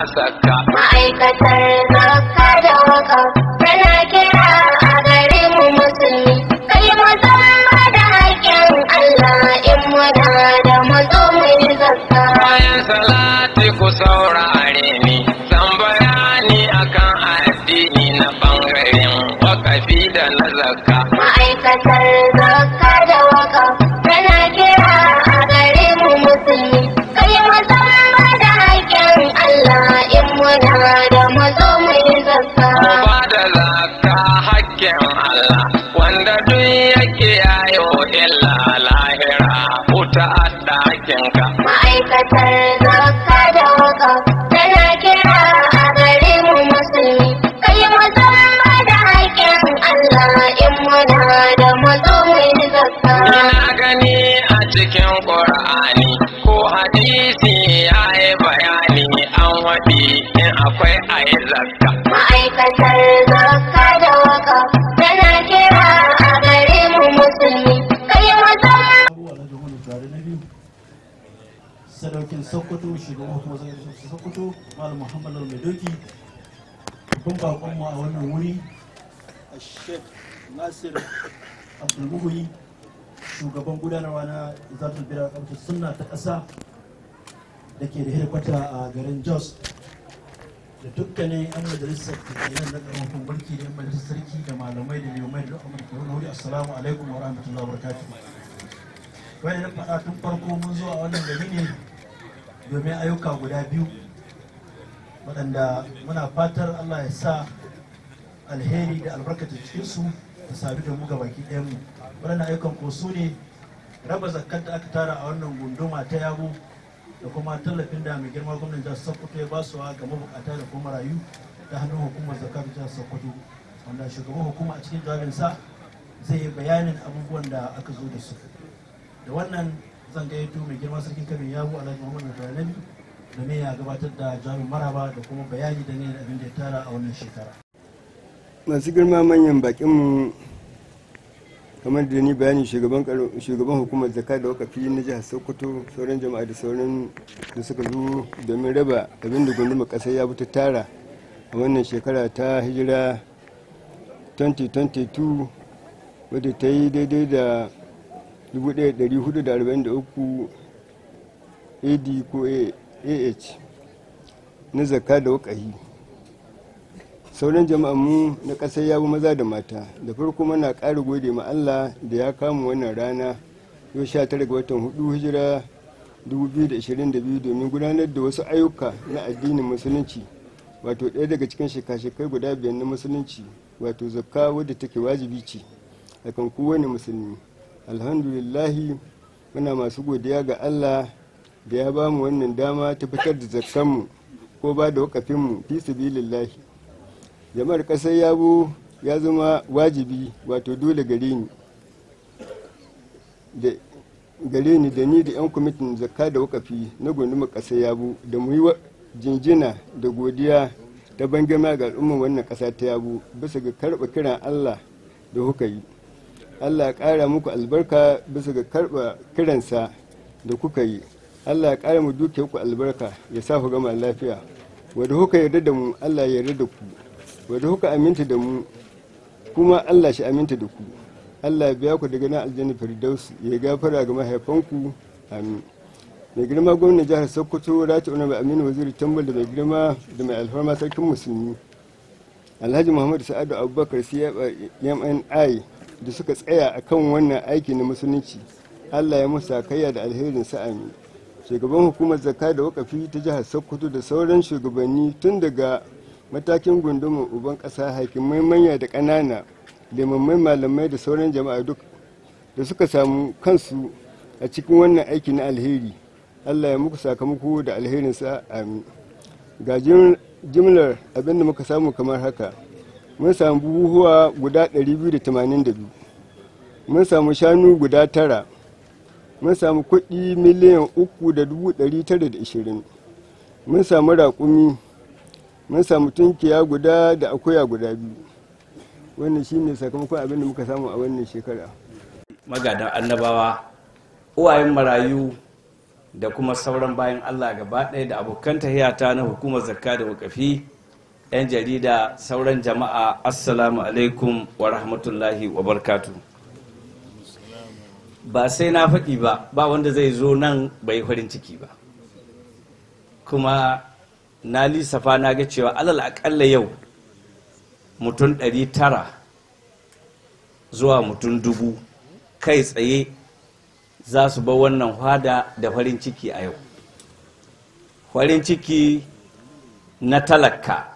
Saka. Ma'aikatar zakka da waka tana kira a gare musulmi. Kai maza da haƙƙin Allah in muna da mazo mu yi Bayan salati ku saurare ni, zan bayani akan addini na ɓangaren wakafi da na zakka. Ma'aikatar zakka wanda duk yake yayo illa lahira wuta addakin ɗakinka. ma'aikatar zaka da waka tana kira a gare mu musulmi kai mu zama da haƙƙin Allah in muna da mazo mai ina gani a cikin ƙur'ani ko hadisi ya yi bayani an waɗi in akwai ayi zakka ma'aikatar sokoto shugaban kuma zai su sokoto malam muhammad mai doki babban bakon mu a wannan wuri a sheikh nasir abdulmuhuyi shugaban gudanarwa na zatul bira kamta sunna ta ƙasa da ke da hirkwata a garin jos da dukkanin yan majalisar nan na ƙarfafin barki da yan majalisar sarki da malamai da limai da da wani wuri assalamu alaikum wa rahmatullahi wa barakatuh wani na faɗa tun farko mun zuwa wannan gari ne domin ayyuka guda biyu waɗanda muna fatar allah ya sa alheri da albarkacin cikinsu ta sabi da mu ga baki mu. waɗannan ayyukan ko su ne raba zakkar da aka tara a wannan gunduma ta yabo da kuma tallafin da mai girma gwamnan jihar sokoto ya basuwa ga mabukata da kuma rayu ta hannun hukumar zakar jihar sokoto wanda shugaban hukuma a cikin jawabinsa zai yi bayanin abubuwan da aka zo da su da wannan zan gayyato mai girma sarkin ya bu alhaji muhammad da ne ya gabatar da jami'in maraba da kuma bayani da ne da abin da ya tara a wannan shekara masu girma manyan bakin mu kamar da ni bayani shugaban hukumar zaka da wakafi na jihar sokoto sauran jama'a da sauran da suka zo domin raba abin da gundumar kasar ya ta tara a wannan shekara ta hijira 2022 wadda ta yi daidai da 1443 ad ko ah na zakka da wakahi sauran mu na ƙasar yawo maza da mata da farko mana ƙara gode ma allah da ya kama wannan rana yau tara ga watan hudu hijira 2022 domin gudanar da wasu ayyuka na addinin musulunci wato ɗaya daga cikin shekashekai guda biyar na musulunci wato zakka wadda take wajibi ce a kan kowane musulmi alhamdulillahi muna masu godiya ga allah da ya ba mu wannan dama ta fitar da zakkanmu ko ba da wakafinmu fi sabilillahi jama'ar ƙasar yabo ya zama wajibi wato dole gare ni da gare ni da ni da 'yan kwamitin zakka da wakafi na gundumar ƙasar yabo da mu yi jinjina da godiya ta bangama ga al'ummar wannan ƙasa ta yabo bisa ga karɓa kiran allah da kuka yi allah ya ƙara muku albarka bisa ga karɓa kiransa da kuka yi allah ya ƙara mu duke ku albarka ya sa ku gama lafiya wadda kuka yarda da mu allah ya yarda da ku wadda kuka aminta da mu kuma allah shi aminta da ku allah ya biya ku daga nan aljanna firdaus ya gafara ga mahaifanku amin mai girma gwamnan jihar sokoto rati unar aminu waziri tambal da mai girma da mai alfarma sarkin musulmi alhaji muhammadu sa'adu abubakar cfni da suka tsaya a kan wannan aiki na musulunci allah ya musa kayya da alherin sa'ami shugaban hukumar zakka da wakafi ta jihar sokoto da sauran shugabanni tun daga matakin gundumar uban ƙasa hakimai manya da ƙanana limammai malamai da sauran jama'a duk da suka samu kansu a cikin wannan aiki na alheri allah ya muku sakamako da alherin amin ga jimlar abinda muka samu kamar haka mun samu buhuhuwa guda 282 mun samu shanu guda tara mun samu kuɗi miliyan 3,920 mun samu raƙumi mun samu tunkiya guda da akuya guda biyu wannan shi ne sakamakon abin da muka samu a wannan shekara magadan annabawa uwayen marayu da kuma sauran bayan allah gaba ɗaya da abokan tahiyata na hukumar zakka da wakafi 'yan jarida sauran jama'a assalamu alaikum wa rahmatullahi wa barkatu ba sai na faɗi ba ba wanda zai zo nan bai farin ciki ba kuma na lissafa na ga cewa alal akalla yau mutum tara zuwa mutum dubu kai tsaye za su ba wannan hada da farin ciki a yau farin ciki na talaka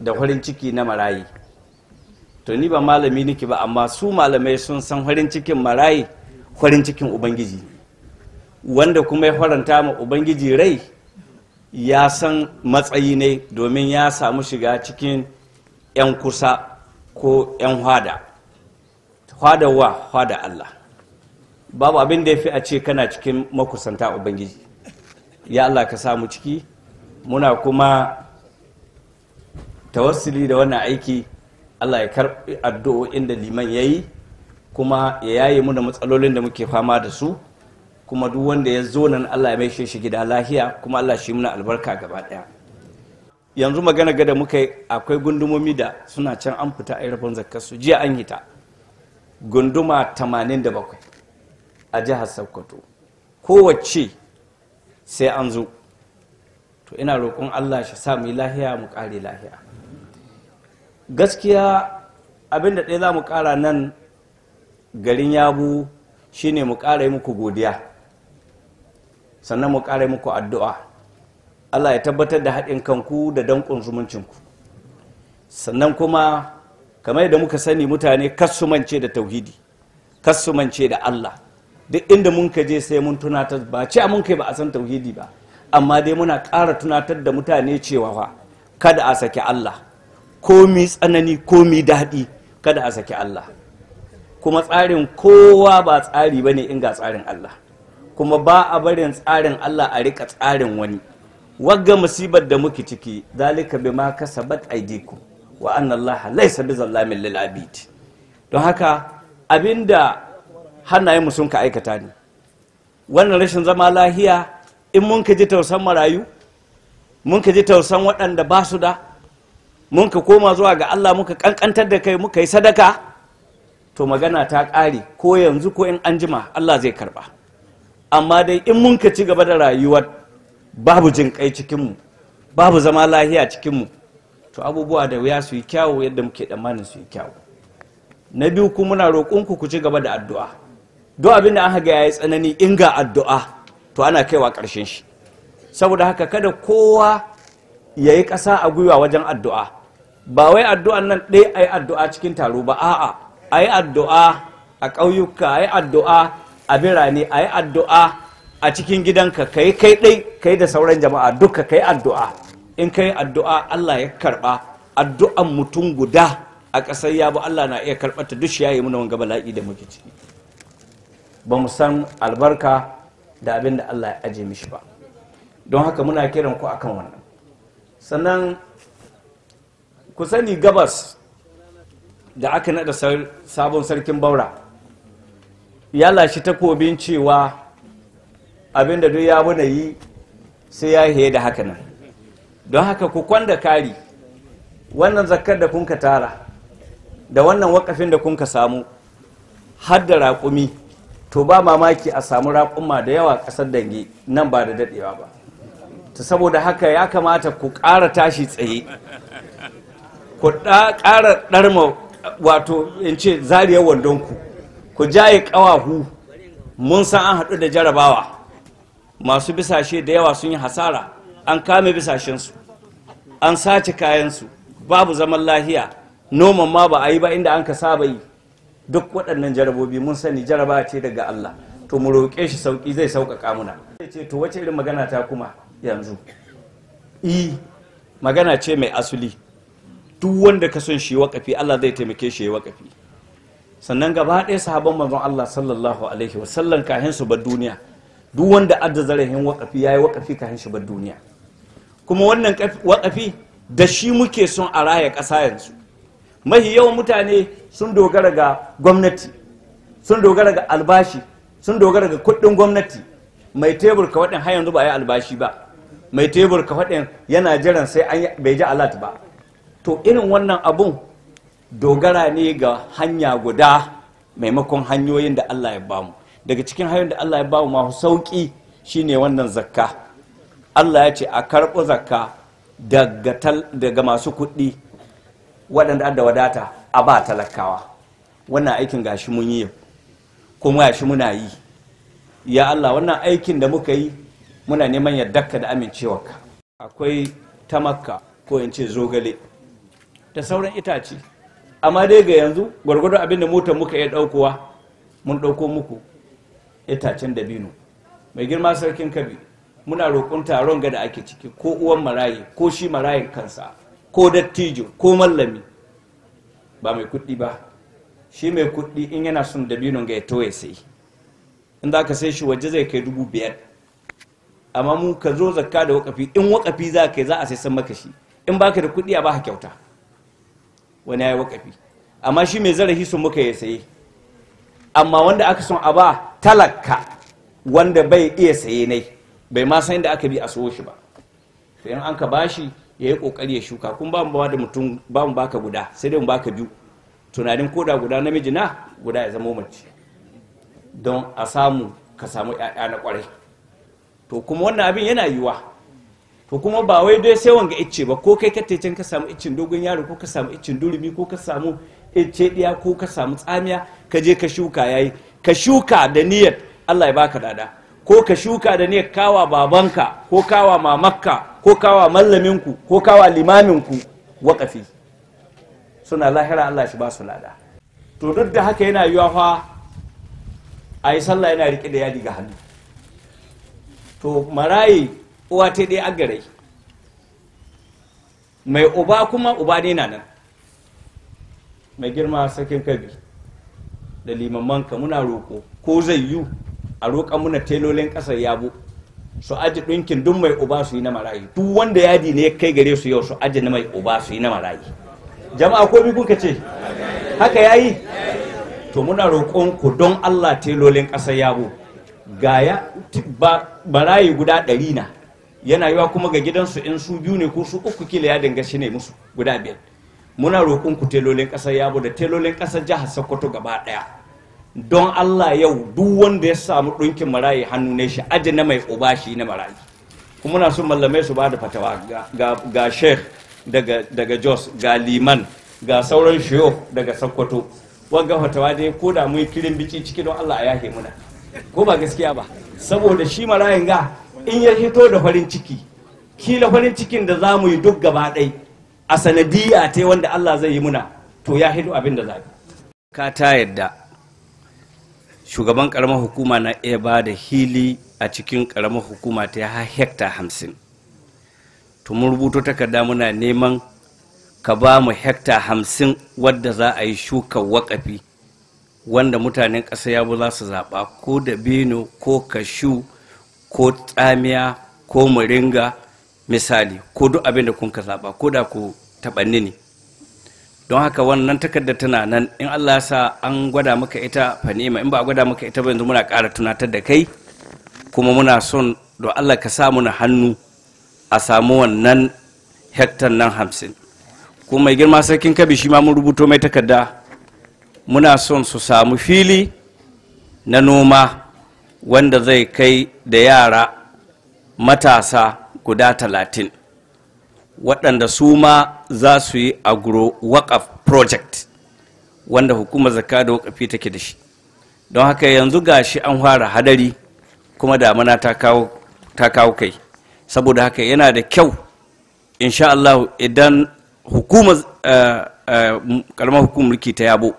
da farin ciki na marayi to ni ba malami nake ba amma su malamai sun san farin cikin marayi farin cikin ubangiji wanda kuma ya faranta ma ubangiji rai ya san matsayi ne domin ya samu shiga cikin 'yan kusa ko 'yan hwada hwadawa hwada Allah babu abin da ya fi a ce kana cikin makusanta ubangiji ya Allah ka samu ciki muna kuma tawassuli da wannan aiki Allah ya karɓi addu'o'in da liman ya yi kuma ya yaye muna matsalolin da muke fama da su kuma duk wanda ya zo nan Allah ya maishe shi gida lahiya kuma Allah shi muna albarka gaba ɗaya yanzu magana gada muka yi akwai gundumomi da suna can an fita a rabon zakkar jiya an yi ta gunduma 87 a jihar Sokoto kowace sai an zo to ina roƙon Allah shi sa mu lahiya mu ƙare lahiya gaskiya abinda da ɗaya za mu ƙara nan garin yabu shine mu ƙara yi muku godiya sannan mu ƙara yi muku addu'a allah ya tabbatar da haɗin kanku da danƙon zumuncinku sannan kuma kamar yadda muka sani mutane kasumance da tauhidi kasumance da allah duk inda mun ka je sai mun tunatar ba ce mun kai ba a san tauhidi ba amma dai muna ƙara tunatar da mutane cewa kada a saki allah komi tsanani komi daɗi kada a saki Allah kuma tsarin kowa ba tsari ba ne in ga tsarin Allah kuma ba a barin tsarin Allah a rika tsarin wani wagga musibar da muke ciki zalika bima kasabat aidiku wa anna Allah laysa bizallamin lil don haka abinda mu sun ka aikata ne wannan rashin zama lahiya in mun ka ji tausan marayu mun ka ji tausan waɗanda ba su da mun ka koma zuwa ga Allah muka kankantar da kai muka yi sadaka to magana ta ƙare ko yanzu ko in anjima Allah zai karba amma dai in mun ka ci gaba da rayuwar babu jin kai cikinmu babu zama lahiya cikinmu to abubuwa da wuya su yi kyawu yadda muke tsammanin su yi kyawu na biyu ku muna roƙonku ku ci gaba da addu'a duk abin da aka ga yayi tsanani in ga addu'a to ana kaiwa ƙarshen shi saboda haka kada kowa ya yi ƙasa a gwiwa wajen addu'a ba wai addu'an nan ɗaya a addu'a cikin taro ba a'a a addu'a a ƙauyuka a addu'a a birane a addu'a a cikin gidanka ka yi kai ɗai ka da sauran jama'a duka ka yi addu'a in ka yi addu'a allah ya karɓa addu'an mutum guda a ƙasar ya yabo allah na iya karɓar ta duk ya yi muna wanga bala'i da muke ciki ba mu san albarka da abin da allah ya aje mishi ba don haka muna kiran ku akan wannan sannan ku sani gabas da aka nada sabon sarkin baura ya lashe takobin cewa abinda duk ya wuna yi sai ya haye da haka nan don haka ku kwanda kari wannan zakar da kunka tara da wannan wakafin da kunka samu har da raƙumi to ba mamaki a samu raƙuma da yawa ƙasar dange nan ba da daɗewa ba ta saboda haka ya kamata ku ƙara tashi tsaye ku ƙara ɗarma wato in ce zariyar wandonku ku jaye ƙawahu mun san an haɗu da jarabawa masu bisashe da yawa sun yi hasara an kame bisashensu an sace kayansu babu zaman lahiya noman ma ba a yi ba inda an ka saba yi duk waɗannan jarabobi mun sani jaraba ce daga Allah to mu roƙe shi sauƙi zai sauƙaƙa muna ce to wace irin magana ta kuma yanzu i e, magana ce mai asuli duk wanda ka son shi wakafi Allah zai taimake shi wakafi sannan gaba ɗaya sahabban manzon Allah sallallahu alaihi wa sallam kahin su bar duniya duk wanda adda zarahin wakafi yayi wakafi kahin shi bar duniya kuma wannan wakafi da shi muke son a raya ƙasa yanzu mahi yawan mutane sun dogara ga gwamnati sun dogara ga albashi sun dogara ga kuɗin gwamnati mai tebur ka waɗin har yanzu ba a yi albashi ba mai tebur ka waɗin yana jiran sai an bai ji alat ba to irin wannan abun dogara ne ga hanya guda maimakon hanyoyin da Allah ya bamu daga cikin hanyoyin da Allah ya bamu masu sauki shine wannan zakka Allah ya ce a karɓo zakka daga masu kuɗi waɗanda da wadata a ba talakawa wannan aikin gashi mun yi kuma gashi muna yi ya Allah wannan aikin da muka yi muna neman yardarka da amincewarka akwai ta makka ko in ce zogale da sauran itace amma dai ga yanzu gwargwadon abin da motar muka iya ɗaukowa mun ɗauko muku itacen dabino mai girma sarkin kabi muna roƙon taron ga da ake ciki ko uwan maraye ko shi marayin kansa ko dattijo ko mallami ba mai kuɗi ba shi mai kuɗi in yana son dabinon ga ya toye sai in za ka sai shi waje zai kai dubu biyar amma mu ka zo zakka da wakafi in wakafi za ka yi za a sai san maka shi in baka da kuɗi a ba kyauta wani ya yi wakafi amma shi mai zarafi sun muka ya saye amma wanda aka son a ba talaka wanda bai iya saye nai bai ma san da aka bi a so shi ba to an ka bashi ya yi kokari ya shuka kun ba mu da mutum ba mu baka guda sai dai mu baka biyu tunanin koda guda namiji na guda ya zama mace don a samu ka samu ƴaƴa na kwarai to kuma wannan abin yana yiwa to kuma ba wai dai sai wanga icce ba ko kai kate can ka samu iccen dogon yaro ko ka samu iccen durumi ko ka samu icce diya ko ka samu tsamiya ka je ka shuka yayi ka shuka da niyyar Allah ya baka dada ko ka shuka da niyyar kawa babanka ko kawa mamakka ko kawa mallaminku ko kawa limaminku waqafi suna lahira Allah shi ba su lada to duk da haka yana yiwa fa ayi sallah yana rike da yadi ga hannu to marayi uwa ta dai agarai mai uba kuma uba ne na nan mai girma sakin kabi da limamanka muna roƙo ko zai yiwu a roƙa muna telolin ƙasar yabo su aji ɗinkin duk mai uba su yi na marayi duk wanda yadi ne ya kai gare su yau su aji na mai uba su yi na marayi jama'a ko bi kuka ce haka yayi to muna roƙon ku don Allah telolin ƙasar yabo ga ya marayi guda ɗari na yana yiwa kuma ga gidansu in su biyu ne ko su uku kila ya danga shi ne musu guda biyar muna roƙon ku telolin ƙasar yabo da telolin ƙasar jihar sokoto gaba ɗaya don allah yau duk wanda ya samu ɗunkin marayi hannu ne shi aji na mai uba shi na marayi kuma muna so mallamai su ba da fatawa ga sheikh daga jos ga liman ga sauran shiyo daga sokoto wanga fatawa dai ko da mun kirin biki ciki don allah ya yahe muna ko ba gaskiya ba saboda shi marayin ga in ya hito da farin ciki kila farin cikin da za mu yi duk gaba ɗai a sanadiyya ta wanda Allah zai yi muna to ya hito abin da za ka ta yadda shugaban karamar hukuma na iya ba da hili a cikin karamar hukuma ta ya hekta hamsin to mun rubuto takarda muna neman ka ba mu hekta hamsin wadda za a yi shuka wakafi wanda mutanen ƙasa yabo za su zaɓa ko da beno ko kashu ko tsamiya ko muringa misali ko duk abin da kun ka zaba ko da ku taɓanni ne don haka wannan takarda tana nan in allah sa an gwada maka ita fanima in ba a gwada maka ita ba yanzu muna ƙara tunatar da kai kuma muna son don allah ka samu na hannu a samu wannan hektar nan hamsin kuma mai girma sarkin kabi shi ma mun rubuto mai takarda muna son su samu fili na noma wanda zai kai da yara matasa guda talatin waɗanda su ma za su yi agro wakaf project wanda hukumar zakka da wakafi take da shi don haka yanzu gashi an fara hadari kuma damana ta kawo kai saboda haka yana da kyau sha Allah idan hukumar karamar eh, eh, hukumar mulki ta yabo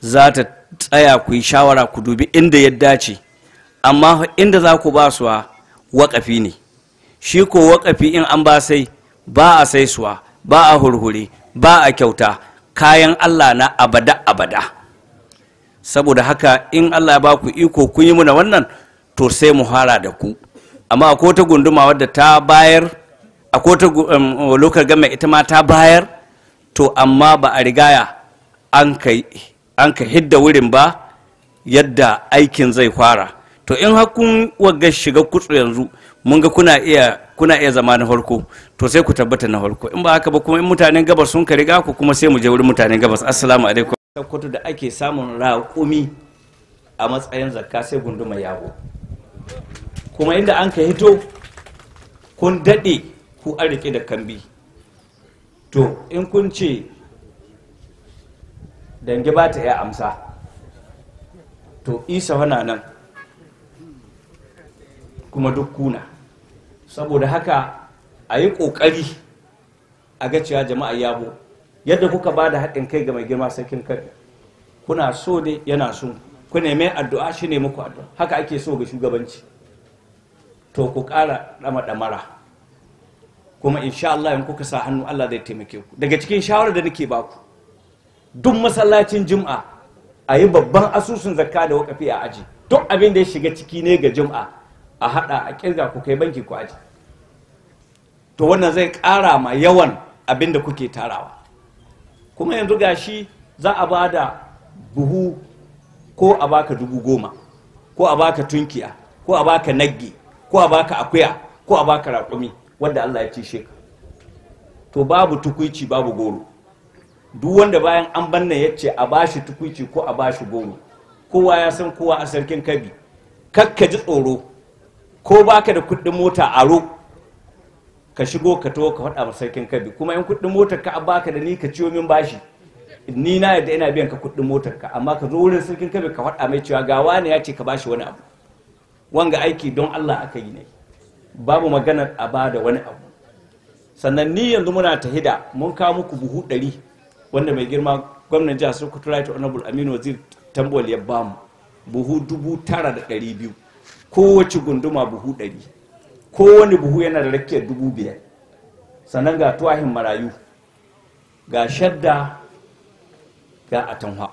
za ta tsaya ku yi shawara ku dubi inda ya dace amma inda za ku ba suwa waƙafi ne shi ko wakafi in an ba sai ba a sai suwa ba a hurhure ba a kyauta kayan allah na abada abada saboda haka in allah ya ba ku iko kun yi muna wannan to sai mu hara da ku amma akwai ta gunduma wadda ta bayar akwai ta lokar gama ita ma ta bayar to amma ba a rigaya an ka hidda wurin ba yadda aikin zai fara to in hakun wagga shiga kutsu yanzu mun ga kuna iya kuna iya zama na farko to sai ku tabbata na farko in ba haka ba kuma in mutanen gabas sun ka riga ku kuma sai mu je wurin mutanen gabas assalamu alaikum kwato da ake samun raƙumi a matsayin zakka sai gunduma yawo kuma inda an ka hito kun daɗe ku an rike da kambi to in kun ce dange ba ta ya amsa to isa wana nan kuma duk kuna saboda haka a yi ƙoƙari a ga cewa jama'a yabo yadda kuka ba da haɗin kai ga mai girma sarkin kai kuna so ne yana so ku neme addu'a shi ne muku addu'a haka ake so ga shugabanci to ku ƙara ɗama ɗamara kuma insha Allah in kuka sa hannu Allah zai taimake ku daga cikin shawarar da nake baku duk masallacin juma'a a yi babban asusun zakka da wakafi a aji duk abin da ya shiga ciki ne ga juma'a a hada a kirga ku kai banki ku aji to wannan zai kara ma yawan abin da kuke tarawa kuma yanzu gashi za a ba da buhu ko a baka dubu goma ko a baka tunkiya ko a baka nagge ko a baka akuya ko a baka raƙumi wanda Allah ya ce shi to babu tukuici babu goro duk wanda bayan an banna ya ce a bashi tukuici ko a bashi goro kowa ya san kowa a sarkin kabi kakka ji tsoro ko baka da kuɗin mota a aro ka shigo ka to ka faɗa sarkin kabi kuma in kuɗin motar ka baka da ni ka ciwo min bashi ni na yadda ina biyan ka kuɗin motar ka amma ka zo wurin sarkin kabi ka faɗa mai cewa ga wani ya ce ka bashi wani abu wanga aiki don Allah aka yi ne babu maganar a ba da wani abu sannan ni yanzu muna ta tahida mun kawo muku buhu ɗari wanda mai girma gwamnan jihar sokoto right honorable aminu wazir tambol ya bamu buhu dubu tara da ɗari biyu kowace gunduma buhu ɗari kowane buhu yana da rakiyar dubu biyar sannan ga tuwahin marayu ga shadda ga atanwa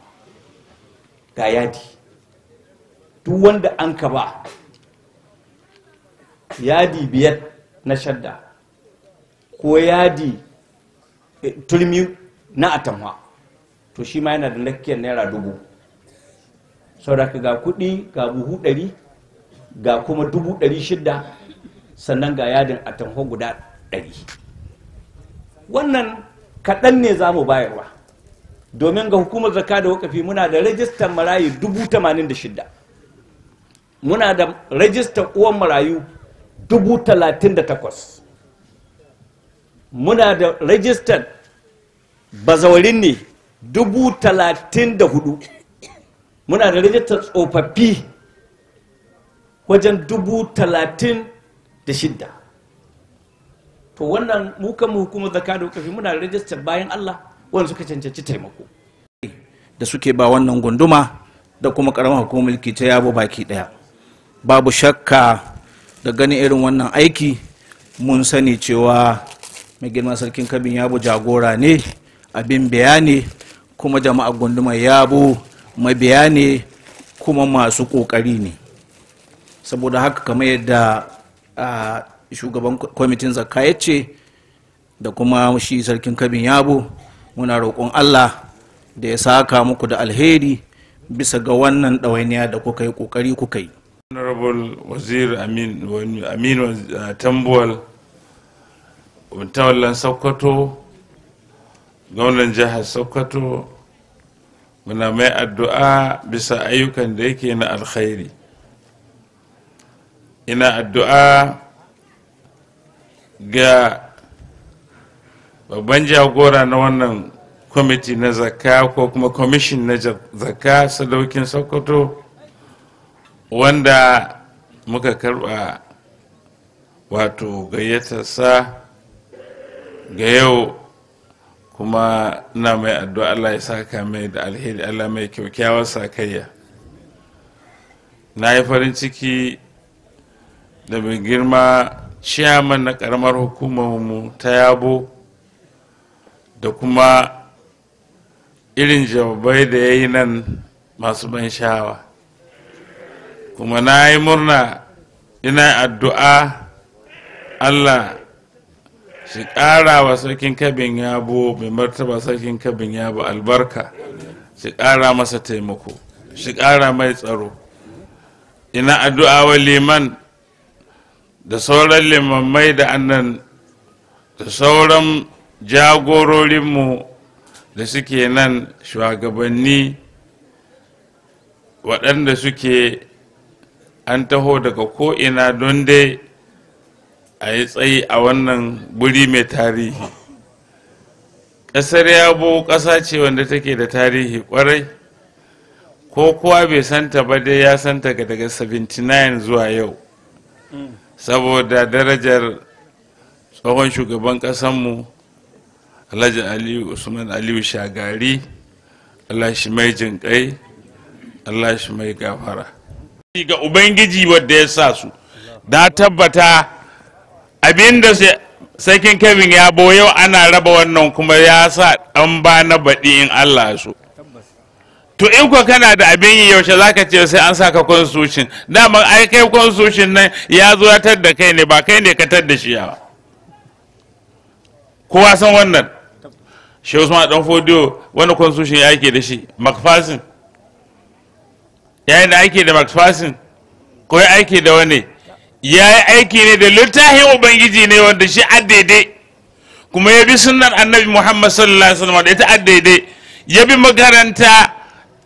ga yadi duk wanda an ka ba yadi biyar na shadda ko yadi eh, turmi na atanwa to shi ma yana da rakiyar naira dubu sau ka ga kuɗi ga buhu ɗari ga kuma dubu ɗari shida sannan ga yadin a tanho guda ɗari wannan kaɗan ne za mu bayarwa domin ga hukumar zaka da wakafi muna da rajistar marayu dubu tamanin da shida muna da rajistar uwan marayu dubu talatin da takwas muna da rajistar bazawarin ne dubu talatin da hudu muna da rajistar tsofaffi wajen dubu talatin da shidda to wannan mukan hukumar zaka da hukafi muna rajistar bayan Allah wanda suka cancanci taimako da suke ba wannan gunduma da kuma karamar hukumar mulki ta yabo baki ɗaya babu shakka da ganin irin wannan aiki mun sani cewa mai girma sarkin kabin yabo jagora ne abin bayani kuma jama'a gunduma yabo mabiya ne kuma masu ƙoƙari ne saboda haka kamar yadda shugaban kwamitin zakka ya ce da kuma shi sarkin kabin yabo muna roƙon allah da ya saka muku da alheri bisa ga wannan ɗawainiya da kuka yi ƙoƙari kuka yi honorable wazir aminu tambuwal mutawallan sokoto gwamnan jihar sokoto muna mai addu'a bisa ayyukan da yake na alkhairi ina addu'a ga babban jagora na wannan kwamiti na zakka ko kuma kwamishin na zakka sadaukin sokoto wanda muka karba wato gayyatarsa ga yau kuma na mai addu'a allah ya saka mai da alheri allah mai kyaukyawar sakayya na yi farin ciki da mai girma ciyaman na karamar hukumarmu ta yabo da kuma irin jawabai da ya yi nan masu ban sha'awa kuma na yi murna ina addu'a allah shi ƙara wa sarkin kabin yabo mai martaba sarkin kabin yabo albarka shi ƙara masa taimako shi ƙara mai tsaro ina addu'a wa liman da sauran limammai da annan da sauran jagororinmu da suke nan shugabanni waɗanda suke an taho daga ko'ina don dai a yi tsayi a wannan guri mai tarihi ƙasar yabo ƙasa ce wanda take da tarihi ƙwarai ko kuwa bai santa ba dai ya santa daga 79 zuwa yau mm. saboda darajar tsohon shugaban ƙasanmu alhaji aliyu usman aliyu shagari allah shi mai jinƙai allah shi mai gafara ga ubangiji wadda ya sa su na tabbata abinda sakin kevin ya boyo ana raba wannan kuma ya sa ɗan ba na baɗi in allah so to in ko kana da abin yi yaushe zaka ce sai an saka constitution dama ai kai constitution nan ya zo ya da kai ne ba kai ne ka tar da shi ba kowa san wannan shi Usman dan Fodio wani constitution ya ke da shi McPherson yayin da ake da McPherson ko ya aiki da wani ya yi aiki ne da littafin ubangiji ne wanda shi addaidai kuma ya bi sunan annabi muhammad sallallahu alaihi wasallam da ita addaidai ya bi makaranta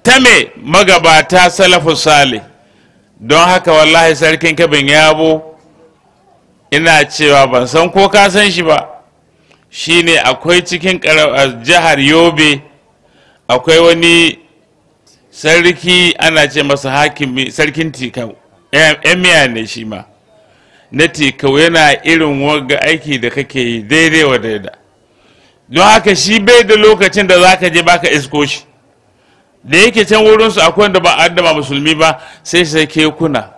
ta me magabata salafu sale don haka wallahi sarkin kabin yabo ina cewa ban san ko ka san shi ba shine akwai cikin jihar yobe akwai wani sarki ana ce masa hakimi sarkin tikau emiya ne shi ma na tikau yana irin waga aiki da kake yi daidai wa daida don haka shi bai da lokacin da za ka je baka isko shi da yake can wurinsu akwai wanda ba adda ba musulmi ba sai sai kuna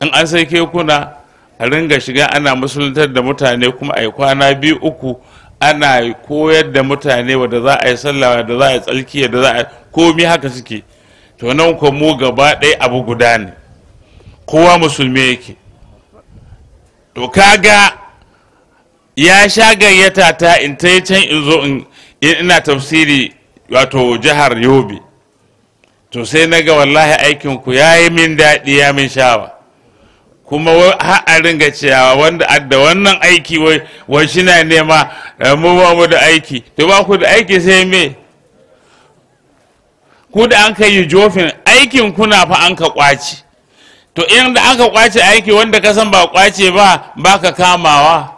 in an sai kuna a ringa shiga ana musuluntar da mutane kuma a yi kwana biyu uku ana koyar da mutane wadda za a yi sallah wadda za a yi tsalki da za a yi komi haka suke to nan ko mu gaba ɗaya abu guda ne kowa musulmi yake to kaga ya sha gayyata ta in ta yi can in zo in ina tafsiri wato jihar yobe to sai na ga wallahi aikinku ya yi min daɗi ya min shawa kuma har ringa cewa wanda adda wannan aiki wai shi na nema eh, mu ba mu da aiki to ba ku da aiki sai me ku da an kai jofin aikin kuna fa an ka kwaci to inda da aka kwace aiki wanda ka san ba kwace ba ba ka kamawa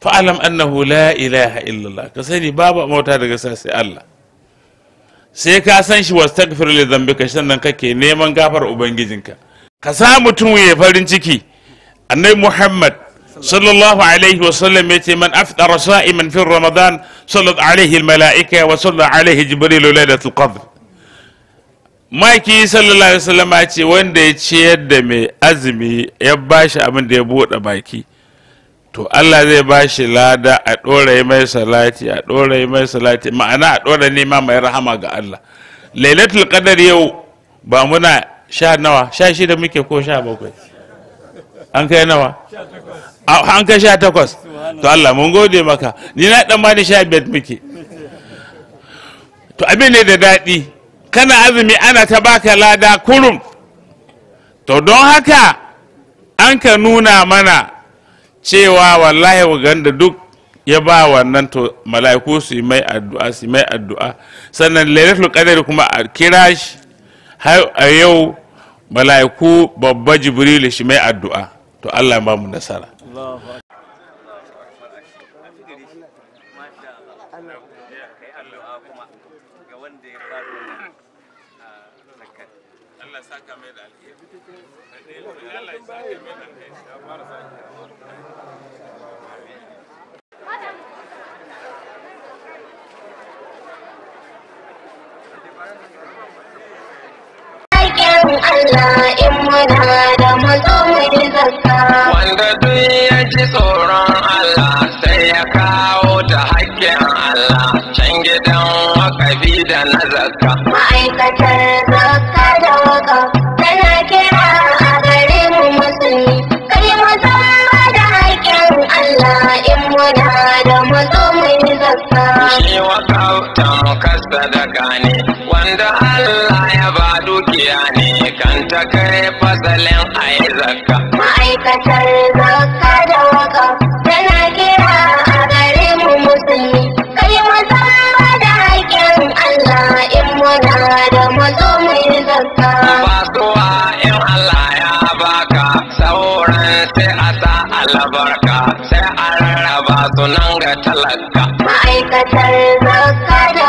fa'alam annahu la ilaha illallah ka sani babu mauta daga sa sai Allah sai ka san shi wasu wastaghfir li dhanbika sannan kake neman gafar ubangijinka ka sa mutum ya farin ciki annai Muhammad sallallahu alaihi wa sallam yace man aftara sa'iman fi ramadan sallat alaihi malaika wa salla alaihi jibril lailatul qadr maki sallallahu alaihi wasallam ya ce wanda ya ciyar da mai azumi ya bashi abin da ya bude baki to Allah zai ba shi lada a ɗoraye mai salati a ɗoraye mai salati ma'ana a ɗora nema mai rahama ga Allah lailatul qadar yau ba muna sha nawa sha shida muke ko sha bakwai an kai nawa an kai sha takwas to Allah mun gode maka ni na dan ma ni sha biyar muke to abin ne da daɗi kana azumi ana ta baka lada kurum to don haka an ka nuna mana cewa wallahi da duk ya ba wannan to mala'iku su yi mai addu'a su mai addu'a sannan lailatul qadar kuma a kira shi har a yau mala'iku babba jibrilu shi mai addu'a to Allah ba mu nasara Allah in muna da mu zo mu wanda duk ya ji tsoron Allah sai ya kawo ta hakkin Allah can gidan wakafi da na zakka ma'aikatar zakka da waka tana kira a gare musulmi kai mu zama da hakkin Allah in muna da mu zo mu shi wakautan mu kasa da wanda Allah ya ba dukiya ne Kanta kai fasalin a yi Ma'aikatar zaka da waka tana kira a gare mu musulmi. Kai maza da haƙƙin Allah in muna da mazo mu yi zakka. Basuwa in Allah ya baka sauran sai a sa albarka sai a rarraba sunan ga talaka. Ma'aikatar zaka da